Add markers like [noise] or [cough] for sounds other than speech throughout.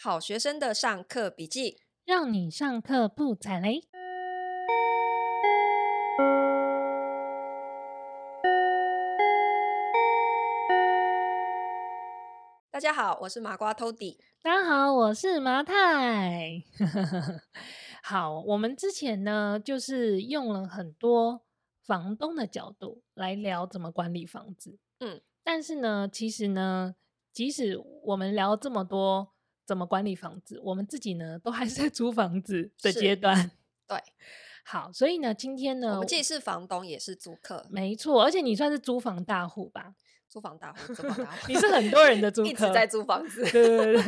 好學生的上課筆記，讓你上課不踩雷。大家好，我是麻瓜 TODY。大家好，我是麻太。 [laughs] 好，我們之前呢，就是用了很多房東的角度來聊怎麼管理房子。嗯，但是呢，其實呢，即使我們聊這麼多。怎麼管理房子？我們自己呢，都還是在租房子的階段。對，好，所以呢，今天呢，我們既是房東我也是租客，沒錯，而且你算是租房大戶吧？租房大戶，租房大戶 [laughs] 你是很多人的租客，一直在租房子。對。對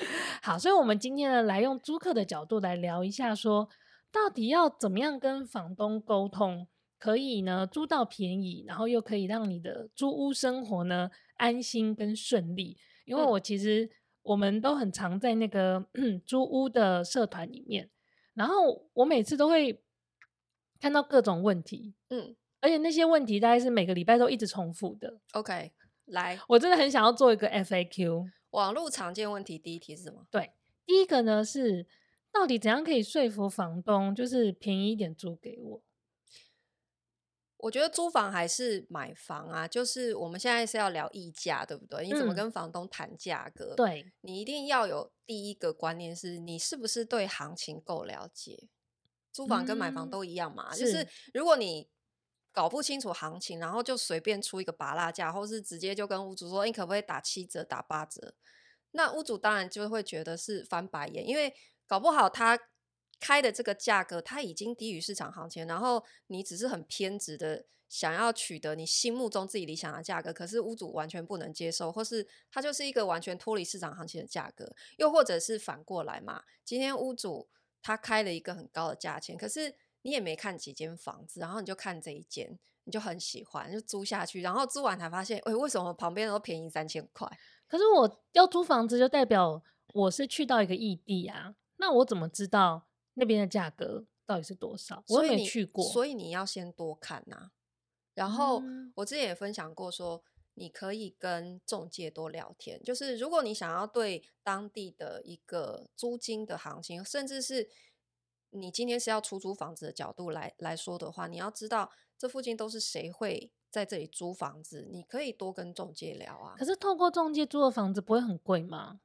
[laughs] 好，所以，我們今天呢，來用租客的角度來聊一下說，說到底要怎麼樣跟房東溝通，可以呢租到便宜，然後又可以讓你的租屋生活呢安心跟順利。因為我其實。嗯我們都很常在那個、嗯、租屋的社團裡面，然後我每次都會看到各種問題，嗯，而且那些問題大概是每個禮拜都一直重複的。OK，來，我真的很想要做一個 FAQ，網路常見問題。第一題是什麼？對，第一個呢是到底怎樣可以說服房東就是便宜一點租給我？我覺得租房還是買房啊，就是我們現在是要聊議價，對不對？你怎麼跟房東談價格？嗯、對。你一定要有第一個觀念是，是你是不是對行情夠了解？租房跟買房都一樣嘛，嗯、就是如果你搞不清楚行情，是然後就隨便出一個芭樂價，或是直接就跟屋主說，你可不可以打七折、打八折？那屋主當然就會覺得是翻白眼，因為搞不好他。開的這個價格，它已經低於市場行情，然後你只是很偏執的想要取得你心目中自己理想的價格，可是屋主完全不能接受，或是它就是一個完全脫離市場行情的價格，又或者是反過來嘛，今天屋主他開了一個很高的價錢，可是你也沒看幾間房子，然後你就看這一間，你就很喜歡，就租下去，然後租完才發現，哎、欸，為什麼旁邊都便宜三千塊？可是我要租房子，就代表我是去到一個異地啊，那我怎麼知道？那邊的價格到底是多少？所以你我沒去過，所以你要先多看吶、啊。然後我之前也分享過，說你可以跟中介多聊天。就是如果你想要對當地的一個租金的行情，甚至是你今天是要出租房子的角度來來說的話，你要知道這附近都是誰會在這裡租房子。你可以多跟中介聊啊。可是透過中介租的房子不會很貴嗎？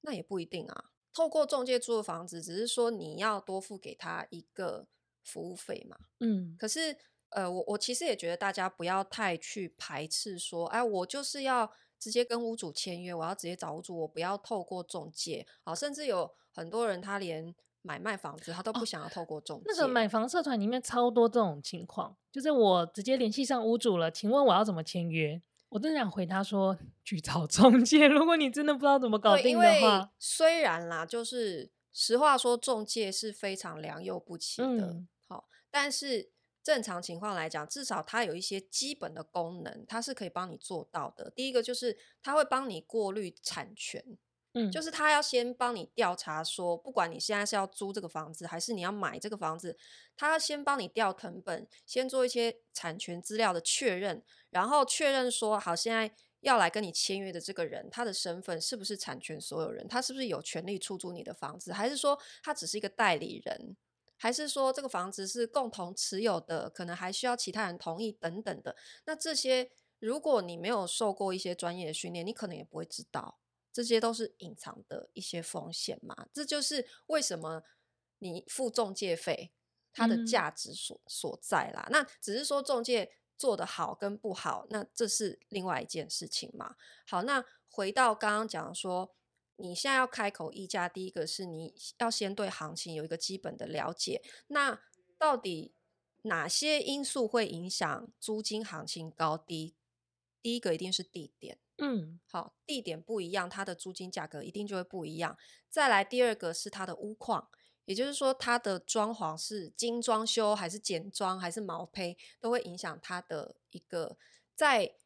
那也不一定啊。透過中介租的房子，只是說你要多付給他一個服務費嘛。嗯。可是，呃，我我其實也覺得大家不要太去排斥說，哎，我就是要直接跟屋主簽約，我要直接找屋主，我不要透過中介。好，甚至有很多人他連買賣房子他都不想要透過中介。哦，那個買房社團裡面超多這種情況，就是我直接聯繫上屋主了，請問我要怎麼簽約？我真想回他說去找中介，如果你真的不知道怎麼搞定的話。對，雖然啦，就是實話說，中介是非常良莠不齊的。好，嗯，但是正常情況來講，至少它有一些基本的功能，它是可以幫你做到的。第一個就是它會幫你過濾產權。就是他要先幫你調查，說不管你現在是要租這個房子，還是你要買這個房子，他要先幫你調謄本，先做一些產權資料的確認，然後確認說好，現在要來跟你簽約的這個人，他的身份是不是產權所有人，他是不是有權利出租你的房子，還是說他只是一個代理人，還是說這個房子是共同持有的，可能還需要其他人同意等等的。那這些如果你沒有受過一些專業的訓練，你可能也不會知道。這些都是隱藏的一些風險嘛，這就是為什麼你付中介費，它的價值所所在啦。嗯、那只是說中介做得好跟不好，那這是另外一件事情嘛。好，那回到剛剛講說，你現在要開口議價，第一個是你要先對行情有一個基本的了解。那到底哪些因素會影響租金行情高低？第一個一定是地點。嗯，好，地點不一樣，它的租金價格一定就會不一樣。再來第二個是它的屋況，也就是說它的裝潢是精裝修還是簡裝還是毛坯，都會影響它的一個在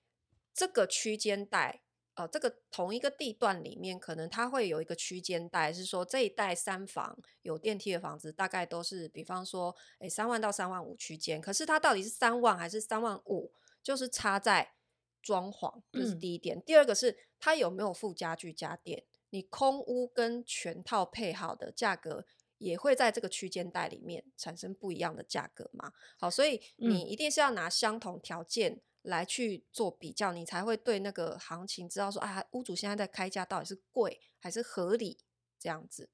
這個區間帶，呃，這個同一個地段裡面，可能它會有一個區間帶，就是說這一帶三房有電梯的房子，大概都是比方說，哎、欸，三萬到三萬五區間，可是它到底是三萬還是三萬五，就是差在。裝潢這、就是第一點，嗯、第二個是它有沒有附家具家電。你空屋跟全套配好的價格也會在這個區間帶裡面產生不一樣的價格嘛。好，所以你一定是要拿相同條件來去做比較，嗯、你才會對那個行情知道說啊，屋主現在在開價到底是貴還是合理這樣子。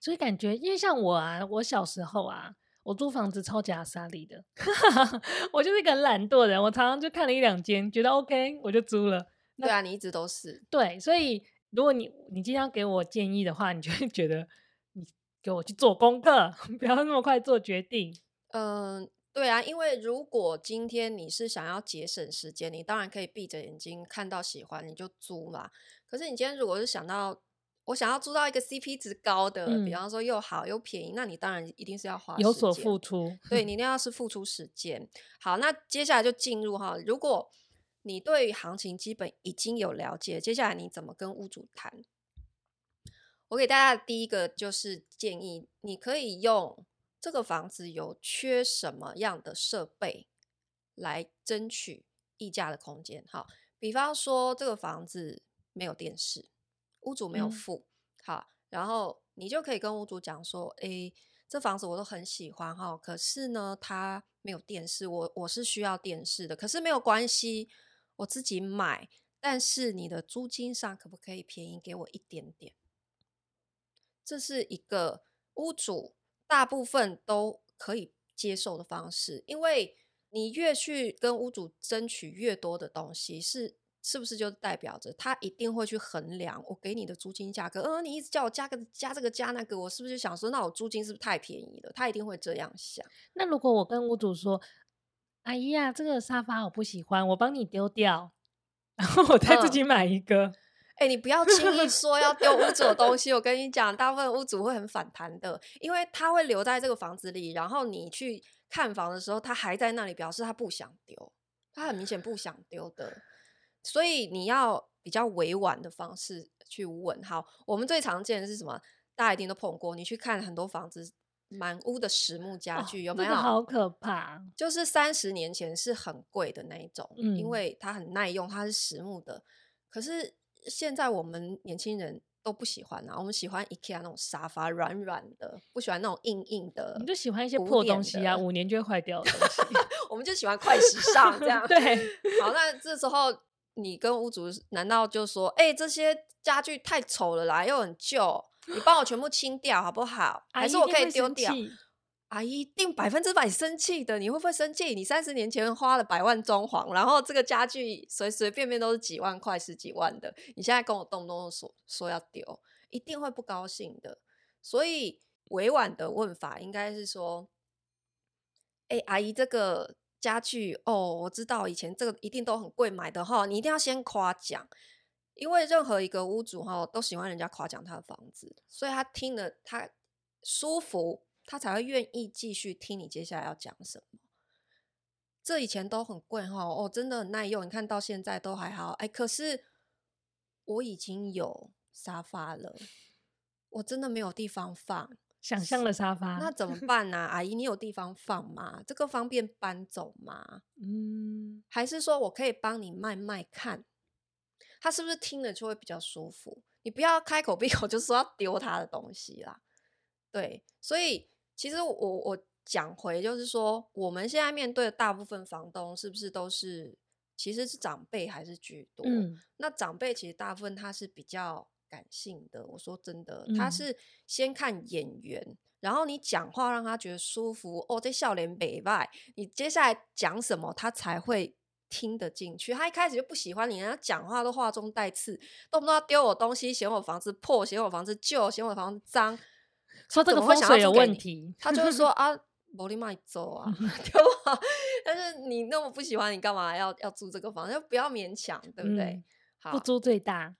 所以感覺，因為像我啊，我小時候啊。我租房子超級沙利的， [laughs] 我就是一個很懶惰的人，我常常就看了一兩間，覺得 OK，我就租了。對啊，你一直都是對。所以如果你你今天給我建議的話，你就會覺得你給我去做功課，不要那麼快做決定。嗯、呃，對啊，因為如果今天你是想要節省時間，你當然可以閉着眼睛看到喜歡你就租嘛。可是你今天如果是想到。我想要租到一個 CP 值高的，比方說又好又便宜，嗯、那你當然一定是要花時間，有所付出，對，你一定要是付出時間。好，那接下來就進入哈，如果你對於行情基本已經有了解，接下來你怎麼跟屋主談？我給大家第一個就是建議，你可以用這個房子有缺什麼樣的設備來爭取議價的空間。哈，比方說這個房子沒有電視。屋主沒有附，嗯、好，然後你就可以跟屋主講說，哎，這房子我都很喜歡哈、哦，可是呢，它沒有電視，我我是需要電視的，可是沒有關係，我自己買，但是你的租金上可不可以便宜給我一點點？這是一個屋主大部分都可以接受的方式，因為你越去跟屋主爭取越多的東西是。是不是就代表着他一定會去衡量我給你的租金價格？呃，你一直叫我加個加這個加那個，我是不是就想說，那我租金是不是太便宜了？他一定會這樣想。那如果我跟屋主說：“哎呀，這個沙發我不喜歡，我幫你丟掉，然後我再自己買一個。”嗯，哎、欸，你不要輕易說要丟屋主的東西。 [laughs] 我跟你講，大部分屋主會很反彈的，因為他會留在這個房子裡。然後你去看房的時候，他還在那裡，表示他不想丟，他很明顯不想丟的。所以你要比較委婉的方式去問。好，我們最常見的是什麼？大家一定都碰過。你去看很多房子，滿屋的實木家具，哦、有沒有？好可怕！就是三十年前是很貴的那一種，嗯、因為它很耐用，它是實木的。可是現在我們年輕人都不喜歡啊，我們喜歡 IKEA 那種沙發，軟軟的，不喜歡那種硬硬的、古典的。我們就喜歡一些破東西啊，五年就會壞掉的東西。 [laughs] 我們就喜歡快時尚這樣。 [laughs] 對。好，那這時候。你跟屋主難道就說，哎、欸，這些家具太醜了啦，又很舊，你幫我全部清掉好不好？ [laughs] 還是我可以丟掉？阿姨，阿姨一定百分之百生氣的，你會不會生氣？你三十年前花了百萬裝潢，然後這個家具隨隨便便都是幾萬塊、十幾萬的，你現在跟我動不動說說要丟，一定會不高興的。所以委婉的問法應該是說，哎、欸，阿姨，這個。傢具哦，我知道以前這個一定都很貴買的哈，你一定要先誇獎，因為任何一個屋主哈都喜歡人家誇獎他的房子，所以他聽了他舒服，他才會願意繼續聽你接下來要講什麼。這以前都很貴哈，哦，真的很耐用，你看到現在都還好，哎、欸，可是我已經有沙發了，我真的沒有地方放。想象的沙發，那怎麼辦呢啊？ [laughs] 阿姨，你有地方放嗎？這個方便搬走嗎？嗯，還是說我可以幫你賣賣看，他是不是聽了就會比較舒服？你不要開口閉口就說要丟他的東西啦。對，所以其實我我講回就是說，我們現在面對的大部分房東是不是都是，其實是長輩還是居多？嗯，那長輩其實大部分他是比較。感性的，我說真的，嗯、他是先看眼緣，然後你講話讓他覺得舒服哦，這笑臉北外，你接下來講什麼他才會聽得進去。他一開始就不喜歡你，人家講話都話中帶刺，動不動要丟我東西，嫌我房子破，嫌我房子舊，嫌我房子髒，會說這個風水有問題，他就是說 [laughs] 啊，玻璃賣走啊，丟啊！ [laughs] 但是你那麼不喜歡，你幹嘛要要住這個房？就不要勉強，對不對？嗯、好，不租最大。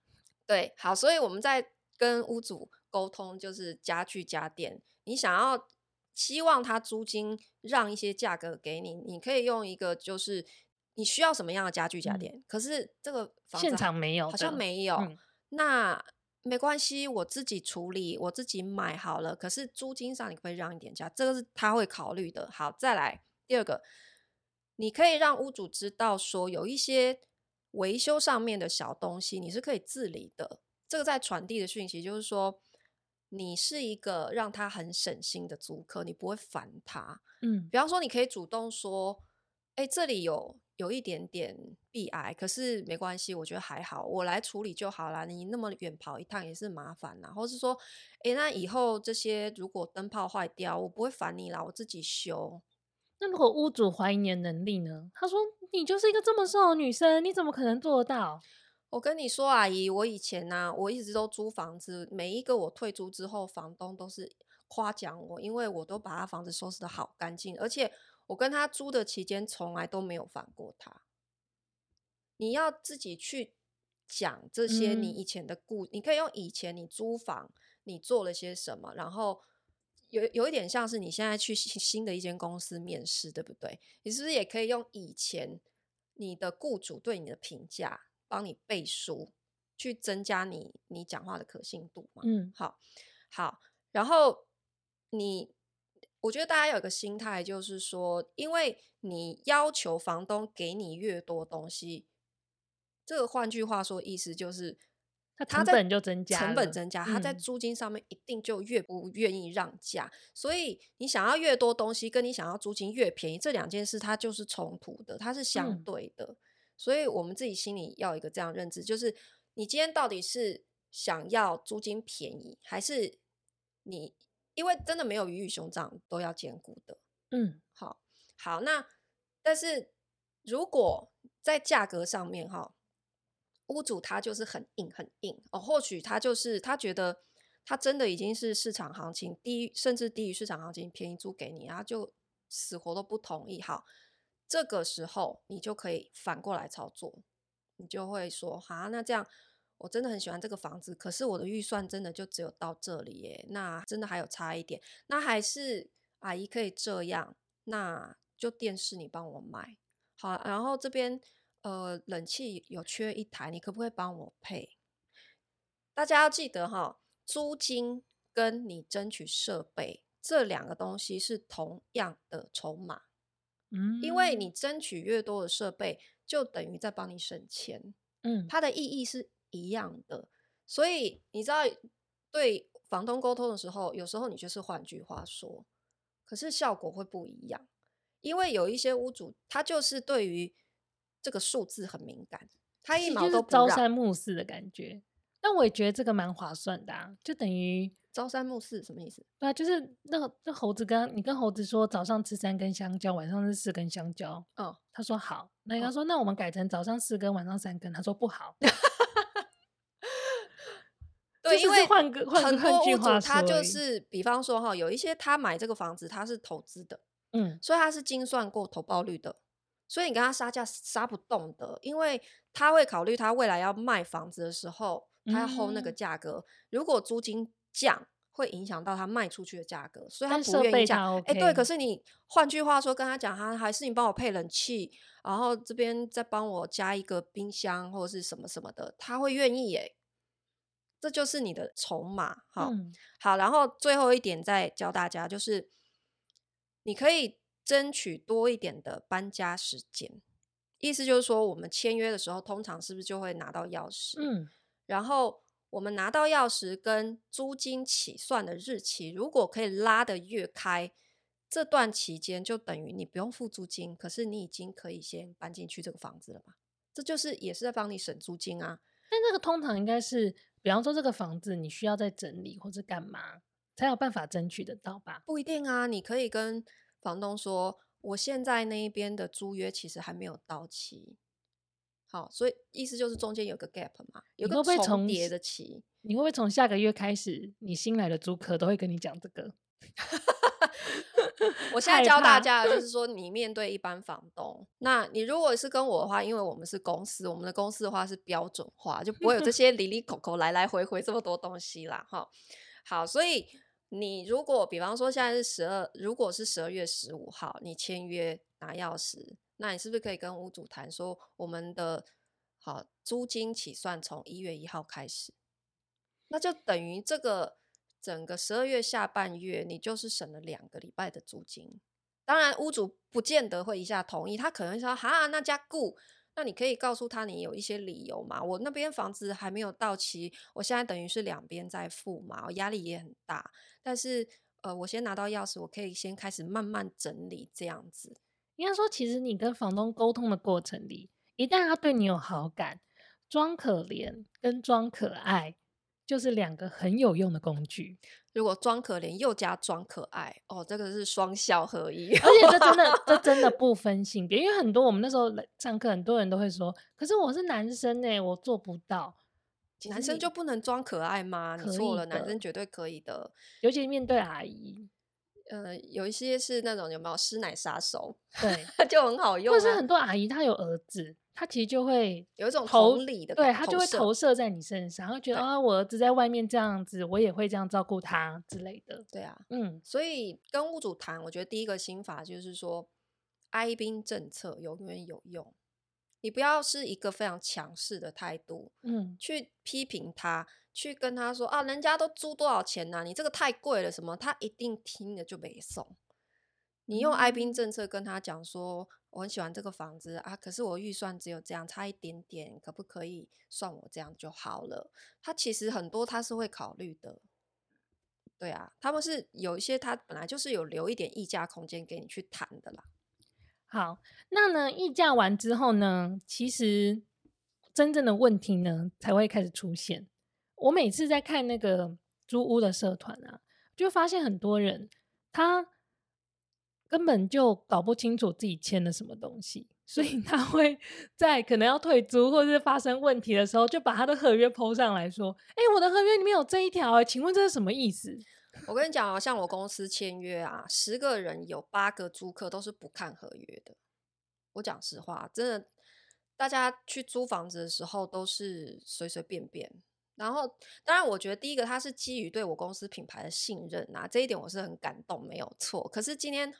對，好，所以我們在跟屋主溝通，就是家具家電，你想要希望他租金讓一些價格給你，你可以用一個，就是你需要什麼樣的家具家電，嗯、可是這個房現場沒有，好像沒有，嗯、那沒關係，我自己處理，我自己買好了，可是租金上你可不可以讓一點價，這個是他會考慮的。好，再來第二個，你可以讓屋主知道說有一些。維修上面的小東西，你是可以自理的。這個在傳遞的訊息就是說，你是一個讓他很省心的租客，你不會煩他。嗯，比方說，你可以主動說，哎、欸，這裡有有一點點壁癌，可是沒關係，我覺得還好，我來處理就好了就好啦。你那麼遠跑一趟也是麻煩啦。或是說，哎、欸，那以後這些如果燈泡壞掉，我不會煩你啦，我自己修。那如果屋主懷疑你的能力呢？他說：“你就是一個這麼瘦的女生，你怎麼可能做得到？”我跟你說，阿姨，我以前呢、啊，我一直都租房子，每一個我退租之後，房東都是誇獎我，因為我都把他房子收拾得好乾淨，而且我跟他租的期間，從來都沒有煩過他。你要自己去講這些你以前的故，嗯、你可以用以前你租房你做了些什麼，然後。有有一點像是你現在去新的一間公司面試，對不對？你是不是也可以用以前你的僱主對你的評價幫你背書，去增加你你講話的可信度嘛？嗯，好，好。然後你，我覺得大家有一個心態，就是說，因為你要求房東給你越多東西，這個換句話說意思就是。它成本就增加，成本增加，它在租金上面一定就越不願意讓價。嗯、所以你想要越多東西，跟你想要租金越便宜，這兩件事它就是衝突的，它是相對的。嗯、所以我們自己心裡要有一個這樣認知，就是你今天到底是想要租金便宜，還是你因為真的沒有魚與熊掌都要兼顧的。嗯，好，好，那但是如果在價格上面，哈。屋主他就是很硬，很硬哦。或許他就是他覺得他真的已經是市場行情低於，甚至低於市場行情，便宜租給你，然後，啊，就死活都不同意。好，這個時候你就可以反過來操作，你就會說：好，啊，那這樣我真的很喜歡這個房子，可是我的預算真的就只有到這裡耶。那真的還有差一點，那還是阿姨可以這樣，那就電視你幫我買好，然後這邊。呃，冷氣有缺一台，你可不可以幫我配？大家要記得哈，租金跟你爭取設備這兩個東西是同樣的籌碼。嗯，因為你爭取越多的設備，就等於在幫你省錢。嗯，它的意義是一樣的。所以你知道，對房東溝通的時候，有時候你就是換句話說，可是效果會不一樣，因為有一些屋主，他就是對於。這個數字很敏感，他一毛都不讓。是，就是朝三暮四的感覺，但我也覺得這個蠻划算的。啊，就等於朝三暮四什麼意思？對啊，就是那個猴子跟你跟猴子說，早上吃三根香蕉，晚上吃四根香蕉，哦、嗯，他說好，那、嗯、他說、嗯、那我們改成早上四根，晚上三根，他說不好。 [laughs] [laughs] 對，因為很多很多屋主他就是，比方說哈，有一些他買這個房子他是投資的，嗯，所以他是精算過投報率的。所以你跟他殺價殺不動的，因為他會考慮他未來要賣房子的時候，他要 hold 那個價格。嗯、哼如果租金降會影響到他賣出去的價格，所以他不願意降。哎、OK，欸、對。可是你換句話說跟他講，他、啊、還是你幫我配冷氣，然後這邊再幫我加一個冰箱或者是什麼什麼的，他會願意、欸。誒。這就是你的籌碼。好，嗯、好。然後最後一點再教大家，就是你可以。爭取多一點的搬家時間，意思就是說，我們簽約的時候，通常是不是就會拿到鑰匙？嗯，然後我們拿到鑰匙跟租金起算的日期，如果可以拉得越開，這段期間就等於你不用付租金，可是你已經可以先搬進去這個房子了吧？這就是也是在幫你省租金啊。但這個通常應該是，比方說這個房子你需要再整理或者幹嘛，才有辦法爭取得到吧？不一定啊，你可以跟。房東說：“我現在那一邊的租約其實還沒有到期，好，所以意思就是中間有個 gap 嘛，有個重疊的期，你會不會從，你會不會從下個月開始，你新來的租客都會跟你講這個？ [laughs] 我現在教大家，就是說你面對一般房東，太怕 [laughs] 那你如果是跟我的話，因為我們是公司，我們的公司的話是標準化，就不會有這些里里口口來來回回這麼多東西啦。哈，好，所以。”你如果比方說現在是十二，如果是十二月十五號，你簽約拿鑰匙，那你是不是可以跟屋主談說，我們的好租金起算從一月一號開始，那就等於這個整個十二月下半月，你就是省了兩個禮拜的租金。當然屋主不見得會一下同意，他可能說，哈，那加固。那你可以告訴他，你有一些理由嘛，我那邊房子還沒有到期，我現在等於是兩邊在付嘛，我壓力也很大。但是，呃，我先拿到鑰匙，我可以先開始慢慢整理這樣子。應該說，其實你跟房東溝通的過程裡，一旦他對你有好感，裝可憐跟裝可愛就是兩個很有用的工具。如果裝可憐又加裝可愛，哦，這個是雙效合一，而且這真的 [laughs] 這真的不分性別，因為很多我們那時候上課，很多人都會說，可是我是男生哎、欸，我做不到。男生就不能裝可愛嗎？你錯了，男生絕對可以的，尤其面對阿姨，呃，有一些是那種有沒有師奶殺手，對， [laughs] 就很好用，啊，或是很多阿姨她有兒子。他其實就會有一種同理的，對他就會投射在你身上，對然後覺得對啊，我兒子在外面這樣子，我也會這樣照顧他之類的。對啊，嗯，所以跟屋主談，我覺得第一個心法就是說，哀兵政策永遠有用。你不要是一個非常強勢的態度，嗯，去批評他，去跟他說啊，人家都租多少錢呢、啊？你這個太貴了，什麼？他一定聽了就沒送。你用哀兵政策跟他講說。嗯我很喜歡這個房子啊，可是我預算只有這樣，差一點點，可不可以算我這樣就好了？他其實很多他是會考慮的，對啊，他們是有一些他本來就是有留一點議價空間給你去談的啦。好，那呢，議價完之後呢，其實真正的問題呢才會開始出現。我每次在看那個租屋的社團啊，就發現很多人他。根本就搞不清楚自己簽了什麼東西，所以他會在可能要退租或是發生問題的時候，就把他的合約 PO 上來說：“哎、欸，我的合約裡面有這一條，哎，請問這是什麼意思？”我跟你講啊，像我公司簽約啊，十個人有八個租客都是不看合約的。我講實話，真的，大家去租房子的時候都是隨隨便便。然後，當然，我覺得第一個他是基於對我公司品牌的信任啊，這一點我是很感動，沒有錯。可是今天。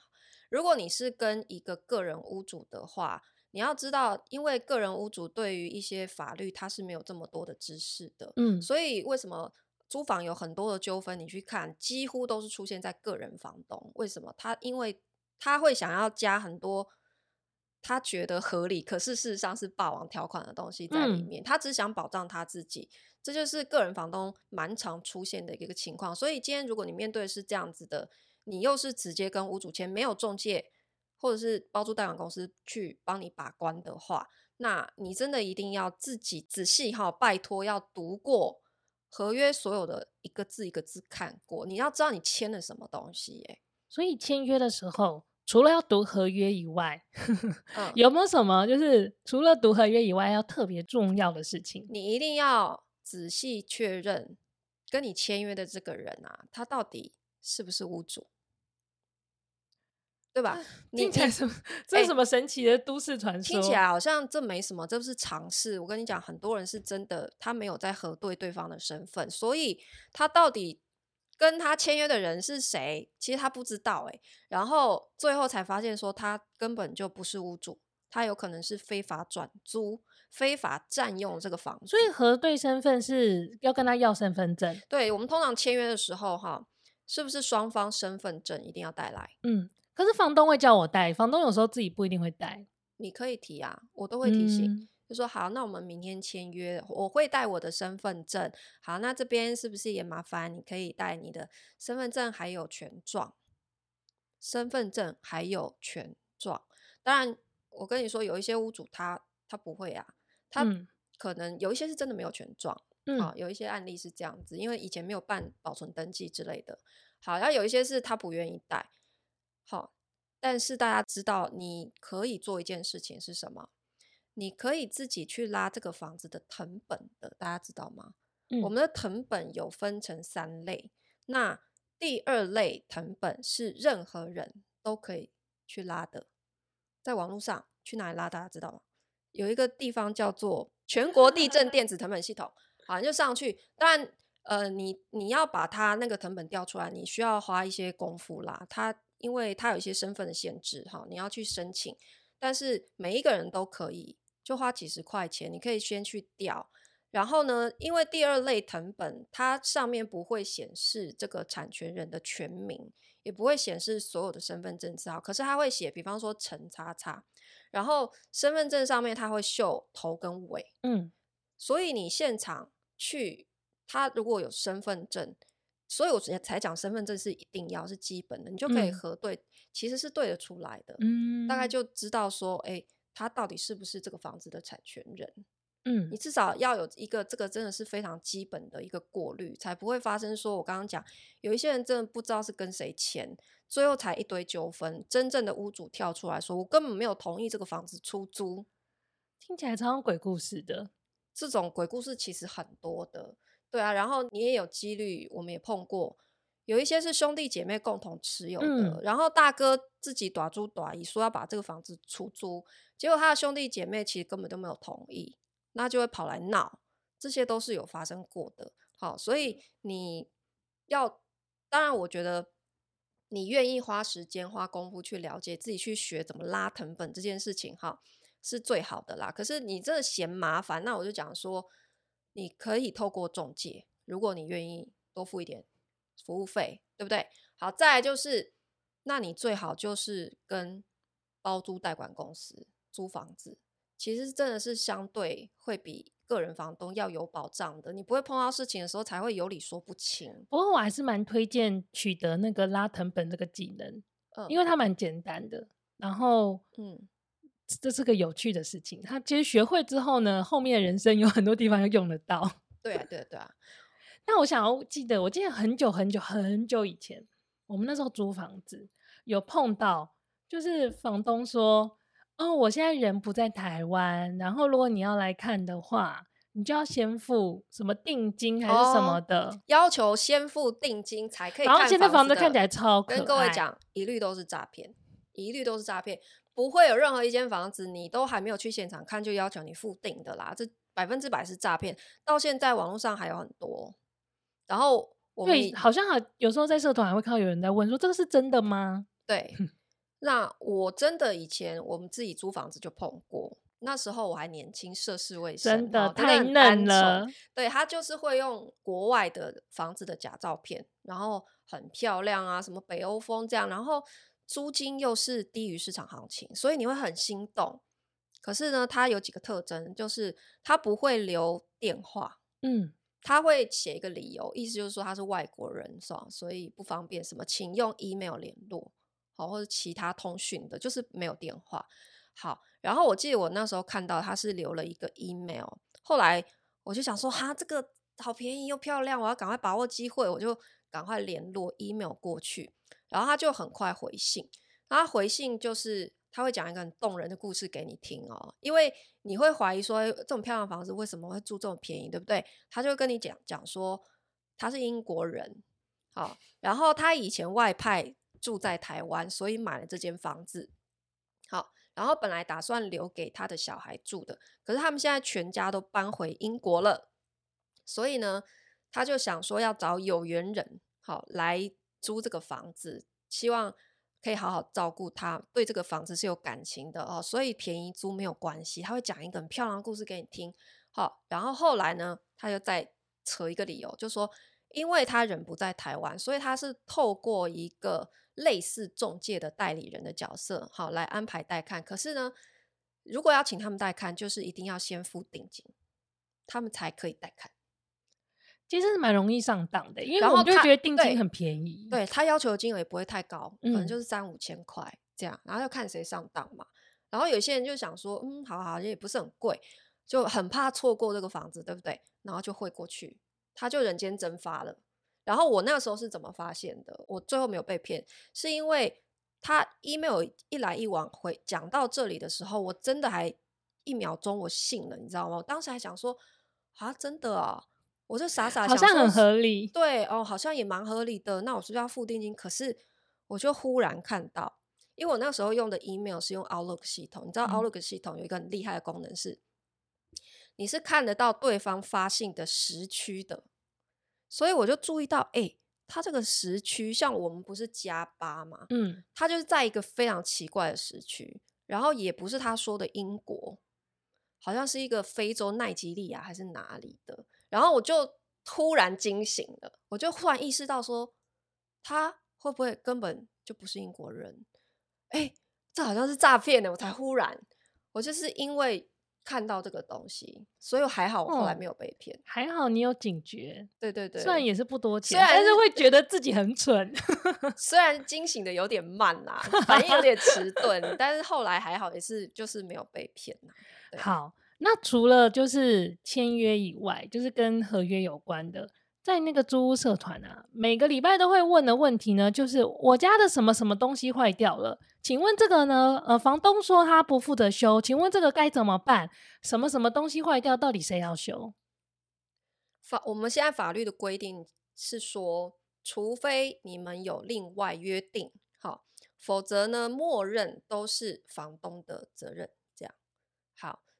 如果你是跟一個個人屋主的話，你要知道，因為個人屋主對於一些法律他是沒有這麼多的知識的，嗯，所以為什麼租房有很多的糾紛？你去看，幾乎都是出現在個人房東。為什麼他？因為他會想要加很多他覺得合理，可是事實上是霸王條款的東西在裡面。嗯，他只想保障他自己，這就是個人房東蠻常出現的一個情況。所以今天如果你面對是這樣子的。你又是直接跟屋主簽，沒有中介或者是包租代管公司去幫你把關的話，那你真的一定要自己仔細好，拜託要讀過合約，所有的一個字一個字看過，你要知道你簽了什麼東西耶、欸。所以簽約的時候，除了要讀合約以外，呵呵嗯、有沒有什麼就是除了讀合約以外，要特別重要的事情？你一定要仔細確認跟你簽約的這個人啊，他到底是不是屋主？對吧？你聽起來什麼？這是什麼神奇的都市傳說、欸？聽起來好像這沒什麼，這不是嘗試，我跟你講，很多人是真的，他沒有在核對對方的身份，所以他到底跟他簽約的人是誰，其實他不知道、欸。誒。然後最後才發現說，他根本就不是屋主，他有可能是非法轉租、非法占用這個房子。所以核對身份是要跟他要身份證。對，我們通常簽約的時候，哈，是不是雙方身份證一定要帶來？嗯。可是房東會叫我帶，房東有時候自己不一定會帶。你可以提啊，我都會提醒，嗯、就說好，那我們明天簽約，我會帶我的身份證。好，那這邊是不是也麻煩？你可以帶你的身份證，還有權狀。身份證還有權狀。當然，我跟你說，有一些屋主他他不會啊，他可能有一些是真的沒有權狀啊、嗯，有一些案例是這樣子，因為以前沒有辦保存登記之類的。好，然後有一些是他不願意帶。好，但是大家知道你可以做一件事情是什麼？你可以自己去拉這個房子的謄本的，大家知道嗎？嗯、我們的謄本有分成三類，那第二類謄本是任何人都可以去拉的，在網絡上去哪裡拉？大家知道嗎？有一個地方叫做全國地政電子謄本系統，好，你就上去，但呃，你你要把它那個謄本調出來，你需要花一些功夫啦，它。因為它有一些身份的限制哈，你要去申請，但是每一個人都可以，就花幾十塊錢，你可以先去調。然後呢，因為第二類謄本它上面不會顯示這個產權人的全名，也不會顯示所有的身份證字號，可是他會寫，比方說陳叉叉，然後身份證上面他會秀頭跟尾，嗯，所以你現場去，他如果有身份證。所以，我才講身份證是一定要是基本的，你就可以核對，嗯、其實是對得出來的，嗯、大概就知道說，哎、欸，他到底是不是這個房子的產權人，嗯，你至少要有一個這個真的是非常基本的一個過濾，才不會發生說我剛剛講有一些人真的不知道是跟誰簽，最後才一堆糾紛，真正的屋主跳出來說我根本沒有同意這個房子出租，聽起來超像鬼故事的，這種鬼故事其實很多的。對啊，然後你也有幾率，我們也碰過，有一些是兄弟姐妹共同持有的，嗯、然後大哥自己短租短，說要把這個房子出租，結果他的兄弟姐妹其實根本都沒有同意，那就會跑來鬧，這些都是有發生過的。好、哦，所以你要，當然我覺得你願意花時間花功夫去了解自己，去學怎麼拉謄本這件事情，哈、哦，是最好的啦。可是你真的嫌麻煩，那我就講說，你可以透過中介，如果你願意多付一點服務費，對不對？好，再來就是，那你最好就是跟包租代管公司租房子，其實真的是相對會比個人房東要有保障的，你不會碰到事情的時候才會有理說不清。不過我還是蠻推薦取得那個拉謄本這個技能，嗯，因為它蠻簡單的，然後嗯。這是個有趣的事情。他其實學會之後呢，後面的人生有很多地方要用得到。對啊，對啊，對啊。但我想要記得，我記得很久很久很久以前，我們那時候租房子有碰到，就是房東說：“哦，我現在人不在台灣，然後如果你要來看的話，你就要先付什麼定金還是什麼的，哦、要求先付定金才可以看。”然後現在房子看起來超可愛。跟各位講，一律都是詐騙，一律都是詐騙。不會有任何一間房子，你都還沒有去現場看就要求你付訂的啦，這百分之百是詐騙。到現在網絡上還有很多，然後我們對好像好有時候在社團還會看到有人在問說這個是真的嗎？對，哼那我真的以前我們自己租房子就碰過，那時候我還年輕涉世未深，真的，真的太嫩了。對，他就是會用國外的房子的假照片，然後很漂亮啊，什麼北歐風這樣，然後。租金又是低於市場行情，所以你會很心動。可是呢，它有幾個特徵，就是它不會留電話，嗯，他會寫一個理由，意思就是說他是外國人，是吧？所以不方便什麼，請用 email 聯絡，好，或者其他通訊的，就是沒有電話。好，然後我記得我那時候看到他是留了一個 email，後來我就想說，哈，這個好便宜又漂亮，我要趕快把握機會，我就趕快聯絡 email 過去。然後他就很快回信，他回信就是他會講一個很動人的故事給你聽哦，因為你會懷疑說這種漂亮的房子為什麼會住這麼便宜，對不對？他就跟你講講說他是英國人，好，然後他以前外派住在台灣，所以買了這間房子，好，然後本來打算留給他的小孩住的，可是他們現在全家都搬回英國了，所以呢，他就想說要找有緣人，好，來租這個房子，希望可以好好照顧他，對這個房子是有感情的哦，所以便宜租沒有關係。他會講一個很漂亮的故事給你聽，好、哦，然後後來呢，他又再扯一個理由，就說因為他人不在台灣，所以他是透過一個類似中介的代理人的角色，好、哦，來安排帶看。可是呢，如果要請他們帶看，就是一定要先付定金，他們才可以帶看。其實是蠻容易上當的，因為我就覺得定金很便宜，他對，對他要求的金額也不會太高，可能就是三五千塊、嗯、這樣，然後要看誰上當嘛。然後有些人就想說，嗯，好好，也不是很貴，就很怕錯過這個房子，對不對？然後就匯過去，他就人間蒸發了。然後我那時候是怎麼發現的？我最後沒有被騙，是因為他 email 一來一往回講到這裡的時候，我真的還一秒鐘我信了，你知道嗎？我當時還想說，啊，真的啊。我就傻傻好像很合理。對哦，好像也蠻合理的。那我是不是要付定金？可是我就忽然看到，因為我那時候用的 email 是用 Outlook 系統，你知道 Outlook 系統有一個很厲害的功能是，嗯、你是看得到對方發信的時區的。所以我就注意到，哎、欸，他這個時區像我們不是加八嘛，嗯，他就是在一個非常奇怪的時區，然後也不是他說的英國，好像是一個非洲奈及利亞還是哪裡的。然後我就突然驚醒了，我就忽然意識到說，他會不會根本就不是英國人？誒，這好像是詐騙的！我才忽然，我就是因為看到這個東西，所以我還好，我後來沒有被騙。哦、還好你有警覺，對對對，雖然也是不多錢，雖然是但是會覺得自己很蠢。雖然驚醒的有點慢啦、啊， [laughs] 反應有點遲鈍，但是後來還好，也是就是沒有被騙、啊。對好。那除了就是簽約以外，就是跟合約有關的，在那個租屋社團啊，每個禮拜都會問的問題呢，就是我家的什麼什麼東西壞掉了，請問這個呢？呃，房東說他不負責修，請問這個該怎麼辦？什麼什麼東西壞掉，到底誰要修？法我們現在法律的規定是說，除非你們有另外約定，好，否則呢，默認都是房東的責任。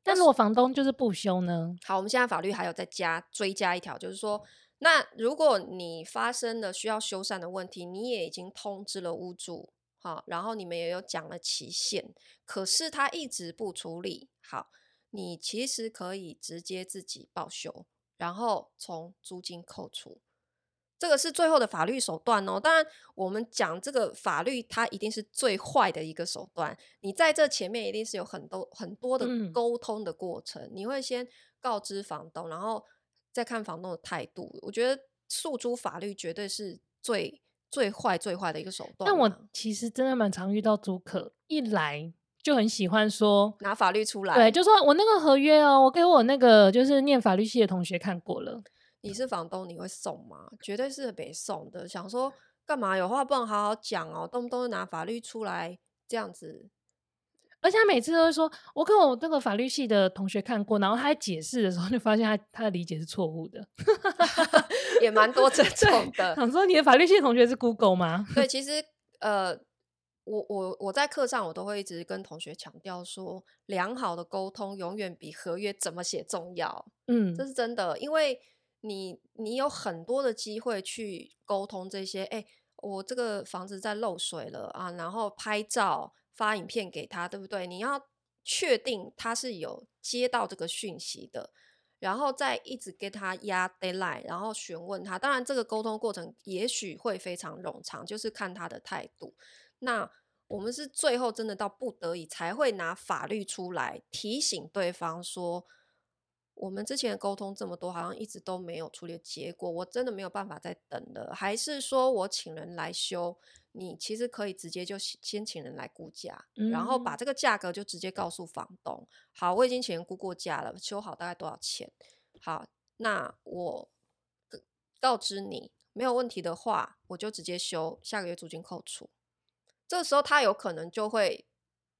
那如果房東就是不修呢？好，我們現在法律還有再加追加一條，就是說，那如果你發生了需要修繕的問題，你也已經通知了屋主，好，然後你們也有講了期限，可是他一直不處理，好，你其實可以直接自己報修，然後從租金扣除。這個是最後的法律手段哦、喔，當然我們講這個法律，它一定是最壞的一個手段。你在這前面一定是有很多很多的溝通的過程，嗯、你會先告知房東，然後再看房東的態度。我覺得訴諸法律絕對是最最壞最壞的一個手段啊。但我其實真的蠻常遇到租客一來就很喜歡說拿法律出來，對，就說我那個合約哦、喔，我給我那個就是念法律系的同學看過了。你是房東，你會送嗎？絕對是沒送的。想說幹嘛？有話不能好好講哦、喔，動不動就拿法律出來這樣子，而且他每次都會說，我跟我那個法律系的同學看過，然後他在解釋的時候，你就發現他他的理解是錯誤的， [laughs] 也蠻多這種的 [laughs] 想說你的法律系同學是 Google 嗎？對，其實呃，我我我在課上我都會一直跟同學強調說，良好的溝通永遠比合約怎麼寫重要。嗯，這是真的，因為。你你有很多的機會去溝通這些，哎、欸，我這個房子在漏水了啊，然後拍照發影片給他，對不對？你要確定他是有接到這個訊息的，然後再一直給他壓 deadline，然後詢問他。當然，這個溝通過程也許會非常冗長，就是看他的態度。那我們是最後真的到不得已才會拿法律出來提醒對方說。我們之前的溝通這麼多，好像一直都沒有處理結果，我真的沒有辦法再等了。還是說我請人來修？你其實可以直接就先請人來估價，嗯、然後把這個價格就直接告訴房東。好，我已經請人估過價了，修好大概多少錢？好，那我告知你，沒有問題的話，我就直接修，下個月租金扣除。這時候他有可能就會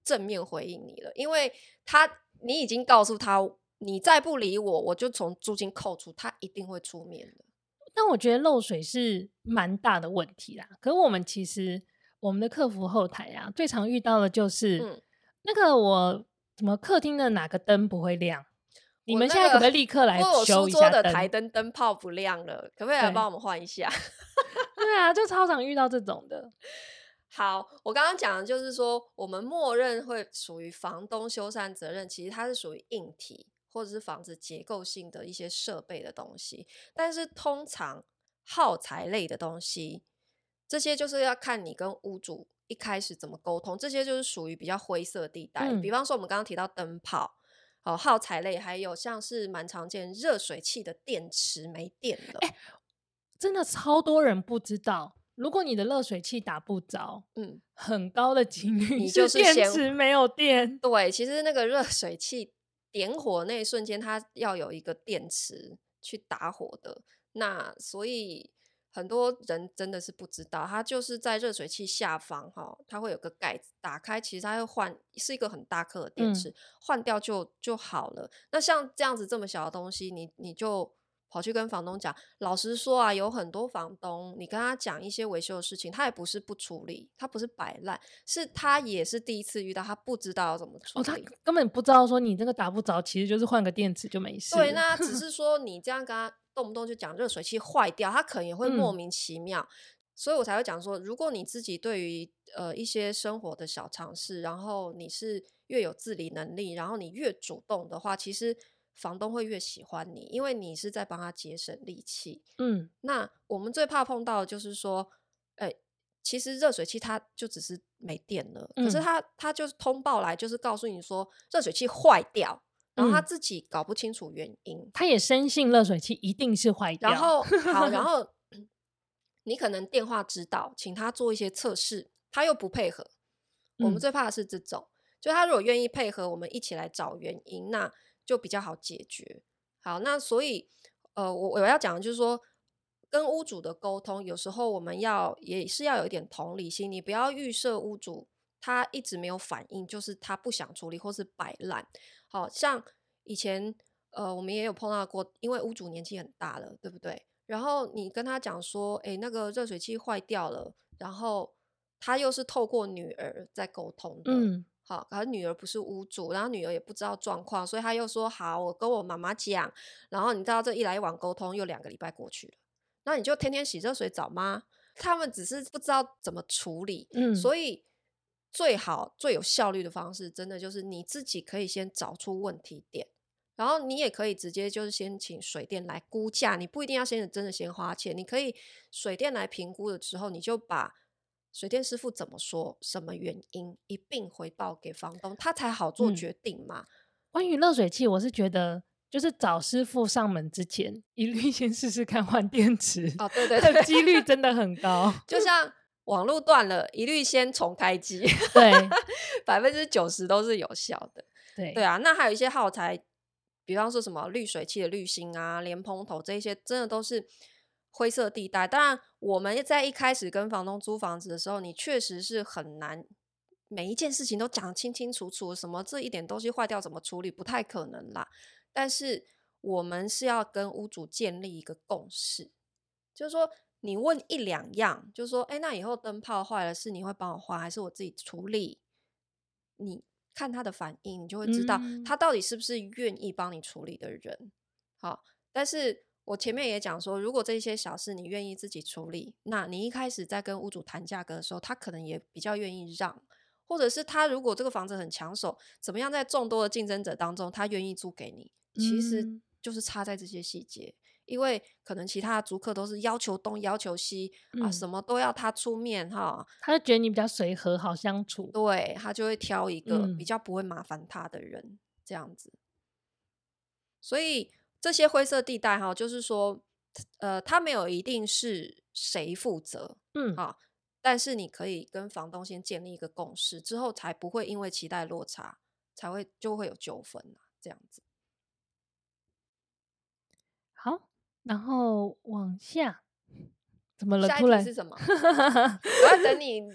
正面回應你了，因為他你已經告訴他。你再不理我，我就從租金扣除，他一定會出面的。但我覺得漏水是蠻大的問題啦。可是我們其實我們的客服後台啊，最常遇到的就是、嗯、那個我怎麼客廳的哪個燈不會亮？那個、你們現在可不可以立刻來修一下？我書桌的檯燈燈泡不亮了，可不可以來幫我們換一下？對， [laughs] 對啊，就超常遇到這種的。好，我剛剛講的就是說，我們默認會屬於房東修繕責任，其實它是屬於硬體。或者是房子結構性的一些設備的東西，但是通常耗材類的東西，這些就是要看你跟屋主一開始怎麼溝通，這些就是屬於比較灰色的地帶。嗯，比方說我們剛剛提到燈泡，哦，耗材類，還有像是蠻常見熱水器的電池沒電了，欸，真的超多人不知道，如果你的熱水器打不着，嗯，很高的幾率你就是，是電池沒有電。對，其實那個熱水器。點火那一瞬間，它要有一個電池去打火的，那所以很多人真的是不知道，它就是在熱水器下方哈、哦，它會有個蓋子，打開其實它會換是一個很大顆的電池，嗯、換掉就就好了。那像這樣子這麼小的東西，你你就。跑去跟房東講，老實說啊，有很多房東，你跟他講一些維修的事情，他也不是不處理，他不是擺爛，是他也是第一次遇到，他不知道要怎麼處理。哦，他根本不知道說你這個打不着，其實就是換個電池就沒事。對，那只是說你這樣跟他動不動就講熱水器壞掉，他可能也會莫名其妙。嗯，所以我才會講說，如果你自己對於呃一些生活的小常識，然後你是越有自理能力，然後你越主動的話，其實。房東會越喜歡你，因為你是在幫他節省力氣。嗯，那我們最怕碰到的就是說，誒、欸，其實熱水器它就只是沒電了，嗯、可是他他就是通報來，就是告訴你說熱水器壞掉，然後他自己搞不清楚原因，嗯、他也深信熱水器一定是壞掉。然後好，然後 [laughs] 你可能電話指導，請他做一些測試，他又不配合。我們最怕的是這種，嗯、就他如果願意配合，我們一起來找原因，那。就比較好解決。好，那所以，呃，我我要講的就是說，跟屋主的溝通，有時候我們要也是要有一點同理心，你不要預設屋主他一直沒有反應，就是他不想處理或是擺爛。好，像以前，呃，我們也有碰到過，因為屋主年紀很大了，對不對？然後你跟他講說，欸，那個熱水器壞掉了，然後他又是透過女兒在溝通的。嗯好，可是女兒不是屋主，然後女兒也不知道狀況，所以她又說好，我跟我媽媽講。然後你知道這一來一往溝通，又兩個禮拜過去了，那你就天天洗熱水澡嗎？他們只是不知道怎麼處理，嗯，所以最好最有效率的方式，真的就是你自己可以先找出問題點，然後你也可以直接就是先請水電來估價，你不一定要先真的先花錢，你可以水電來評估了之後，你就把。水電師傅怎麼說？什麼原因一併回報給房東，他才好做決定嘛。嗯、關於熱水器，我是覺得，就是找師傅上門之前，一律先試試看換電池。哦，對對對， [laughs] 幾率真的很高。就像網路斷了，一律先重開機，對，百分之九十都是有效的。對對啊，那還有一些耗材，比方說什麼濾水器的濾芯啊、蓮蓬頭這一些，真的都是。灰色地帶。當然我們在一開始跟房東租房子的時候，你確實是很難每一件事情都講得清清楚楚，什麼這一點東西壞掉怎麼處理，不太可能啦。但是我們是要跟屋主建立一個共識，就是說你問一兩樣，就是說，誒，那以後燈泡壞了是你會幫我換，還是我自己處理？你看他的反應，你就會知道他到底是不是願意幫你處理的人。嗯、好，但是。我前面也講說，如果這些小事你願意自己處理，那你一開始在跟屋主談價格的時候，他可能也比較願意讓，或者是他如果這個房子很搶手，怎麼樣在眾多的競爭者當中，他願意租給你，其實就是差在這些細節，嗯、因為可能其他的租客都是要求東要求西，嗯、啊，什麼都要他出面哈，他就覺得你比較隨和好相處，對，他就會挑一個比較不會麻煩他的人，嗯、這樣子，所以。這些灰色地帶哈，就是說，呃，他沒有一定是誰負責，嗯，好、啊，但是你可以跟房東先建立一個共識，之後才不會因為期待落差才會就會有糾紛這樣子。好，然後往下。怎麼了？突然是什麼？ [laughs] 我要等你問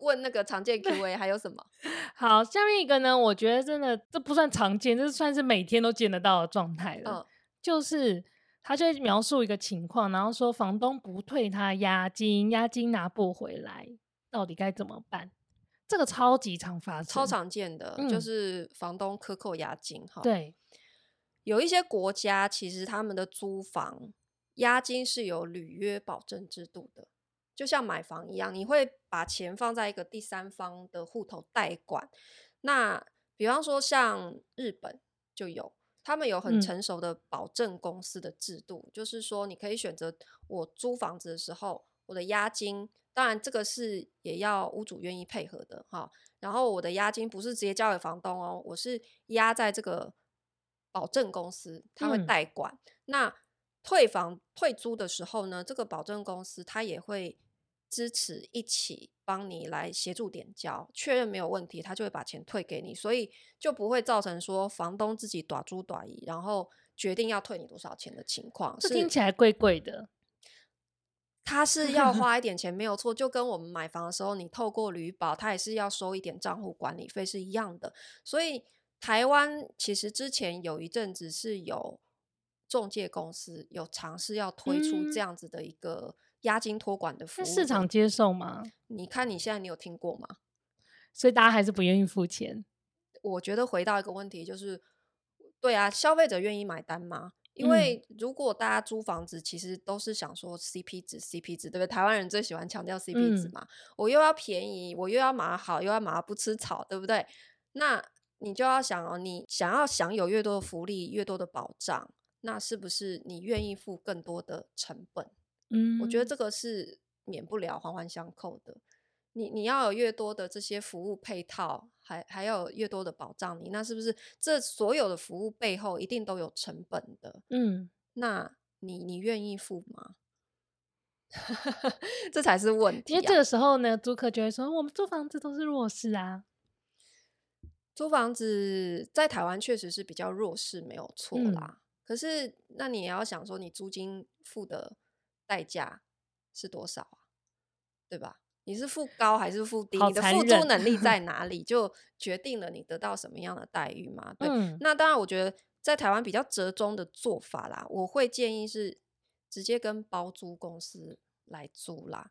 問那個常見 QA 還有什麼？ [laughs] 好，下面一個呢？我覺得真的這不算常見，這算是每天都見得到的狀態了。嗯、就是他就會描述一個情況，然後說房東不退他押金，押金拿不回來，到底該怎麼辦？這個超級常發生，超常見的、嗯、就是房東克扣押金。哈，對，有一些國家其實他們的租房。押金是有履約保證制度的，就像買房一樣，你會把錢放在一個第三方的戶頭代管。那比方說像日本就有，他們有很成熟的保證公司的制度，嗯、就是說你可以選擇我租房子的時候，我的押金，當然這個是也要屋主願意配合的哈、哦。然後我的押金不是直接交給房東哦，我是押在這個保證公司，他會代管。嗯、那退房退租的時候呢，這個保證公司他也會支持一起幫你來協助點交，確認沒有問題，他就會把錢退給你，所以就不會造成說房東自己短租短移，然後決定要退你多少錢的情況。這聽起來貴貴的，他是,是要花一點錢， [laughs] 沒有錯，就跟我們買房的時候你透過履保，他也是要收一點賬戶管理費是一樣的。所以台灣其實之前有一陣子是有。中介公司有嘗試要推出這樣子的一個押金托管的服務，嗯、市場接受嗎？你看你現在你有聽過嗎？所以大家還是不願意付錢。我覺得回到一個問題，就是對啊，消費者願意買單嗎？因為如果大家租房子，其實都是想說 CP 值、CP 值，對不對？台灣人最喜歡強調 CP 值嘛。嗯、我又要便宜，我又要馬好，又要馬不吃草，對不對？那你就要想哦，你想要享有越多的福利，越多的保障，那是不是你願意付更多的成本？嗯，我覺得這個是免不了環環相扣的。你你要有越多的這些服務配套，還還要有越多的保障你，你那是不是這所有的服務背後一定都有成本的？嗯，那你你願意付嗎？ [laughs] 這才是問題啊。因為這個時候呢，租客覺得說：“我們租房子都是弱勢啊，租房子在台灣確實是比較弱勢，沒有錯啦。嗯”可是，那你也要想說，你租金付的代價是多少啊？對吧？你是付高還是付低？你的付租能力在哪裡，就決定了你得到什麼樣的待遇嘛。對，嗯、那當然，我覺得在台灣比較折中的做法啦，我會建議是直接跟包租公司來租啦。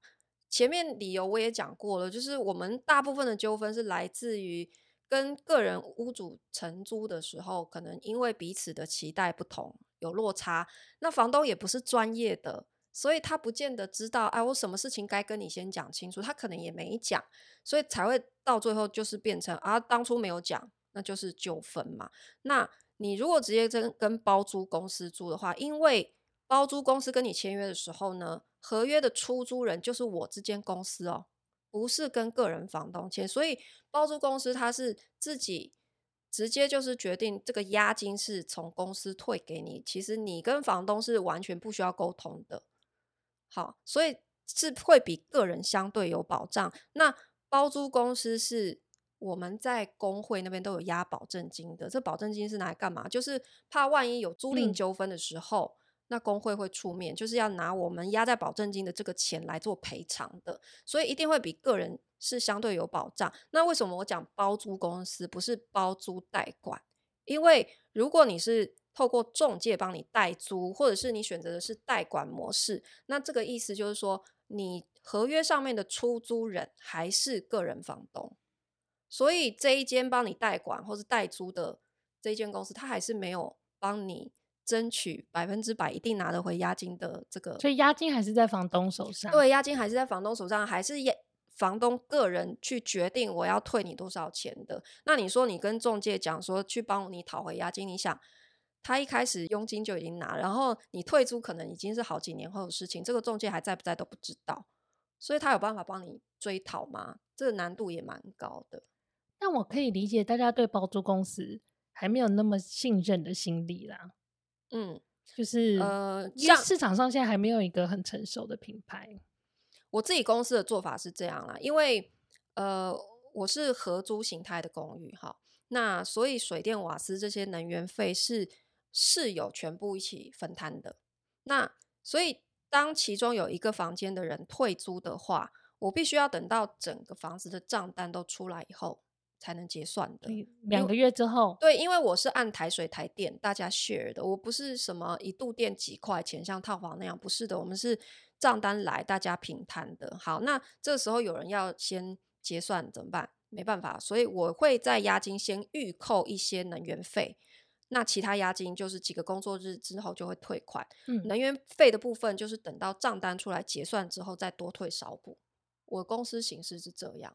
前面理由我也講過了，就是我們大部分的糾紛是來自於。跟個人屋主承租的時候，可能因為彼此的期待不同，有落差。那房東也不是專業的，所以他不見得知道，哎，我什麼事情該跟你先講清楚，他可能也沒講，所以才會到最後就是變成啊，當初沒有講，那就是糾紛嘛。那你如果直接跟跟包租公司租的話，因為包租公司跟你簽約的時候呢，合約的出租人就是我這間公司哦。不是跟個人房東簽，所以包租公司它是自己直接就是決定這個押金是從公司退給你，其實你跟房東是完全不需要溝通的。好，所以是會比個人相對有保障。那包租公司是我們在公會那邊都有押保證金的，這保證金是拿來幹嘛？就是怕萬一有租賃糾紛的時候。嗯那工會會出面，就是要拿我們押在保證金的這個錢來做賠償的，所以一定會比個人是相對有保障。那為什麼我講包租公司不是包租代管？因為如果你是透過中介幫你代租，或者是你選擇的是代管模式，那這個意思就是說，你合約上面的出租人還是個人房東，所以這一間幫你代管或是代租的這一間公司，它還是沒有幫你。爭取百分之百一定拿得回押金的這個，所以押金還是在房東手上。對，押金還是在房東手上，還是也房東個人去決定我要退你多少錢的。那你說你跟中介講說去幫你討回押金，你想他一開始佣金就已經拿，然後你退租可能已經是好幾年後的事情，這個中介還在不在都不知道，所以他有辦法幫你追討嗎？這個難度也蠻高的。但我可以理解大家對包租公司還沒有那麼信任的心理啦。嗯，就是呃，市場上現在還沒有一個很成熟的品牌。我自己公司的做法是這樣啦，因為呃，我是合租形態的公寓哈，那所以水電瓦斯這些能源費是室友全部一起分攤的。那所以當其中有一個房間的人退租的話，我必須要等到整個房子的賬單都出來以後。才能結算的兩個月之後，對，因為我是按台水台電大家 share 的，我不是什麼一度電幾塊錢，像套房那樣，不是的，我們是賬單來大家平攤的。好，那這時候有人要先結算怎麼辦？沒辦法，所以我會在押金先預扣一些能源費，那其他押金就是幾個工作日之後就會退款。嗯，能源費的部分就是等到賬單出來結算之後再多退少補。我公司形式是這樣。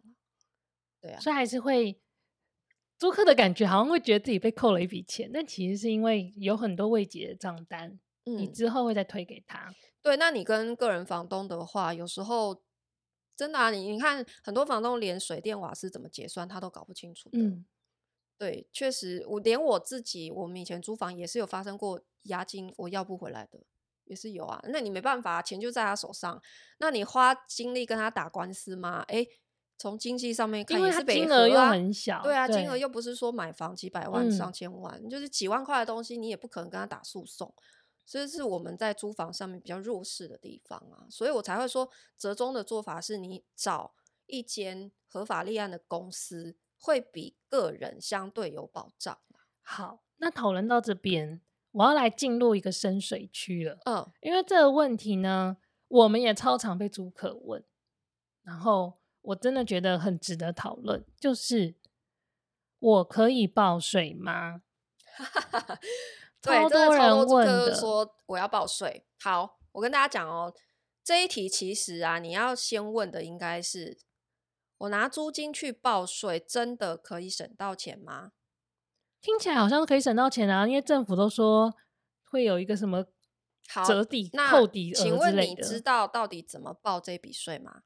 對啊，所以還是會租客的感覺，好像會覺得自己被扣了一筆錢，但其實是因為有很多未結的賬單，嗯、你之後會再推給他。對，那你跟個人房東的話，有時候真的啊，你你看很多房東連水電瓦斯怎麼結算，他都搞不清楚的。嗯、對，確實，我連我自己，我們以前租房也是有發生過押金我要不回來的，也是有啊。那你沒辦法，錢就在他手上，那你花精力跟他打官司嗎？哎。從經濟上面看，也是金額又很小，對啊，金額又不是說買房幾百萬，對上千萬，嗯、就是幾萬塊的東西，你也不可能跟他打訴訟，所以是我們在租房上面比較弱勢的地方啊，所以我才會說折中的做法是你找一間合法立案的公司，會比個人相對有保障、啊。好，那討論到這邊，我要來進入一個深水區了。嗯，因為這個問題呢，我們也超常被租客問，然後。我真的覺得很值得討論，就是我可以報稅嗎？好多人問的，的說我要報稅。好，我跟大家講哦、喔，這一題其實啊，你要先問的應該是，我拿租金去報稅，真的可以省到錢嗎？聽起來好像是可以省到錢啊，因為政府都說會有一個什麼折抵，好，那扣抵額之類的。請問你知道到底怎麼報這筆稅嗎？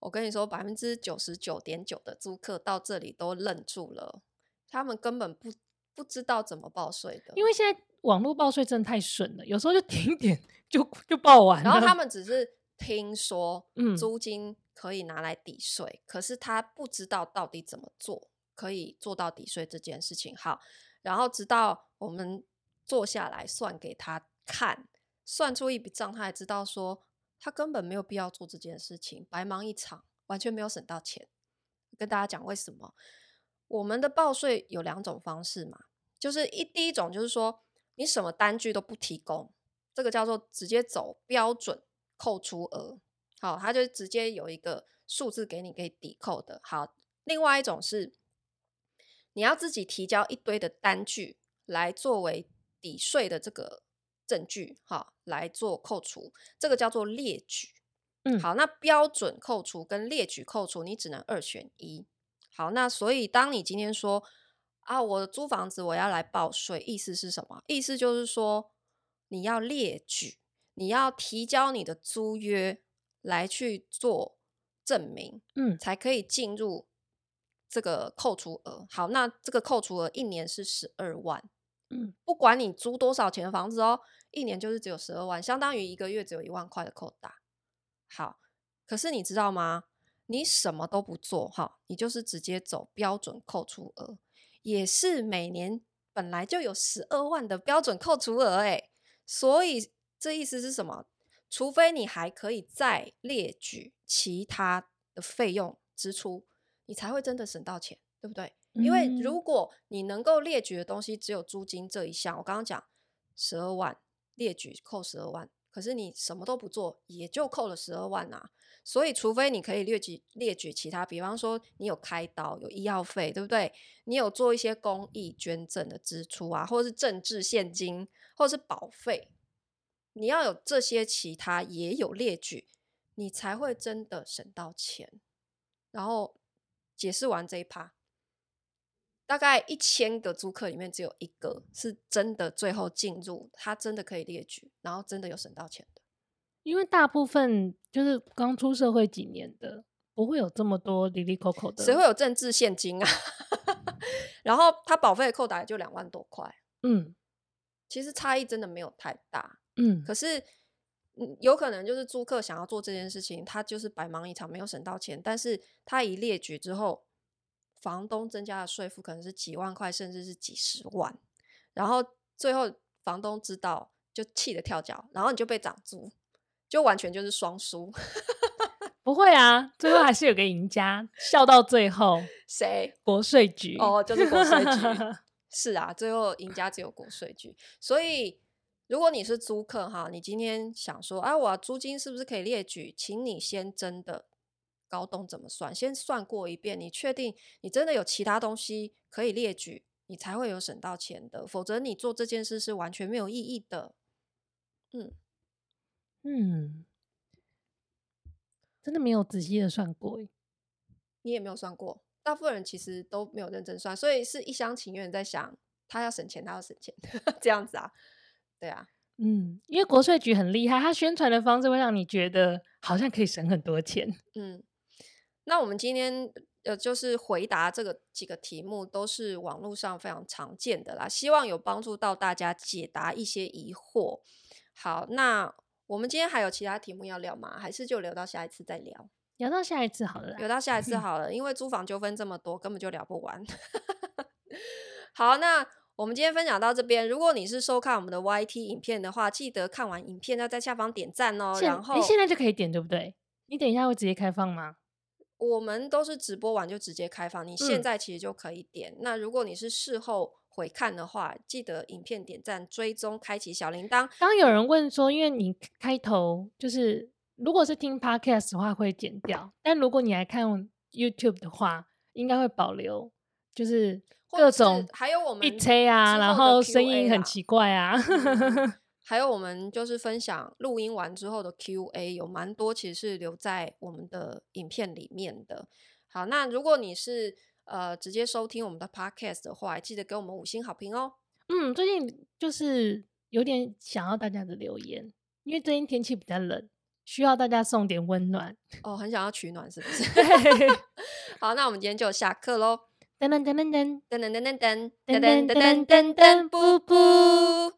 我跟你說，百分之九十九點九的租客到這裡都愣住了，他們根本不不知道怎麼報稅的。因為現在網絡報稅真的太順了，有時候就點點就就報完了。然後他們只是聽說，租金可以拿來抵稅，嗯、可是他不知道到底怎麼做可以做到抵稅這件事情。好，然後直到我們坐下來算給他看，算出一筆賬，他也知道說。他根本沒有必要做這件事情，白忙一場，完全沒有省到錢。跟大家講為什麼？我們的報稅有兩種方式嘛，就是一第一種就是說你什麼單據都不提供，這個叫做直接走標準扣除額，好，他就直接有一個數字給你可以抵扣的。好，另外一種是你要自己提交一堆的單據來作為抵稅的這個。證據哈來做扣除，這個叫做列舉。嗯，好，那標準扣除跟列舉扣除，你只能二選一。好，那所以當你今天說啊，我的租房子我要來報稅，意思是什麼？意思就是說你要列舉，你要提交你的租約來去做證明，嗯，才可以進入這個扣除額。好，那這個扣除額一年是十二萬。不管你租多少錢的房子哦，一年就是只有十二萬，相當於一個月只有一萬塊的扣打。好，可是你知道嗎？你什麼都不做哈，你就是直接走標準扣除額，也是每年本來就有十二萬的標準扣除額誒，所以這意思是什麼？除非你還可以再列舉其他的費用支出，你才會真的省到錢，對不對？因為如果你能夠列舉的東西只有租金這一項，我剛剛講十二萬列舉扣十二萬，可是你什麼都不做也就扣了十二萬啊。所以，除非你可以列舉列舉其他，比方說你有開刀有醫藥費，對不對？你有做一些公益捐贈的支出啊，或者是政治獻金，或者是保費，你要有這些其他也有列舉，你才會真的省到錢。然後解釋完這一趴。大概一千個租客裡面，只有一個是真的最後進入，他真的可以列舉，然後真的有省到錢的。因為大部分就是剛出社會幾年的，不會有這麼多哩哩摳摳的。誰會有政治獻金啊？ [laughs] 然後他保費扣打也就兩萬多塊。嗯，其實差異真的沒有太大。嗯，可是嗯，有可能就是租客想要做這件事情，他就是白忙一場沒有省到錢，但是他一列舉之後。房東增加的稅負可能是幾萬塊，甚至是幾十萬，然後最後房東知道就氣得跳腳，然後你就被漲租，就完全就是雙輸。不會啊，最後還是有個贏家,， [laughs] 笑到最後誰？國稅局哦，oh, 就是國稅局， [laughs] 是啊，最後贏家只有國稅局。所以如果你是租客哈，你今天想說啊，我租金是不是可以列舉？請你先真的。搞懂怎麼算？先算過一遍，你確定你真的有其他東西可以列舉，你才會有省到錢的。否則你做這件事是完全沒有意義的。嗯嗯，真的沒有仔細的算過，你也沒有算過。大部分人其實都沒有認真算，所以是一廂情願在想他要省錢，他要省錢 [laughs] 這樣子啊。對啊，嗯，因為國稅局很厲害，他宣傳的方式會讓你覺得好像可以省很多錢，嗯。那我們今天呃，就是回答這個幾個題目，都是網絡上非常常見的啦，希望有幫助到大家解答一些疑惑。好，那我們今天還有其他題目要聊嗎？還是就留到下一次再聊？聊到，聊到下一次好了，留到下一次好了，因為租房糾紛這麼多，根本就聊不完。 [laughs] 好，那我們今天分享到這邊。如果你是收看我們的 YT 影片的話，記得看完影片要在下方點讚哦、喔。現然後，你、欸、現在就可以點對不對？你等一下會直接開放嗎？我們都是直播完就直接開放，你現在其實就可以點。嗯、那如果你是事後回看的話，記得影片點贊、追蹤、開啟小鈴鐺。剛有人問說，因為你開頭就是如果是聽 podcast 的話會剪掉，但如果你來看 YouTube 的話，應該會保留，就是各種是還有我們 B T 啊，然後聲音很奇怪啊。嗯 [laughs] 還有我們就是分享錄音完之後的 QA 有蠻多，其實是留在我們的影片裡面的。好，那如果你是呃直接收聽我們的 Podcast 的話，記得給我們五星好評哦。嗯，最近就是有點想要大家的留言，因為最近天氣比較冷，需要大家送點溫暖哦。很想要取暖是不是？好，那我們今天就下課嘍。噔噔噔噔噔噔噔噔噔噔噔噔噔噔不不。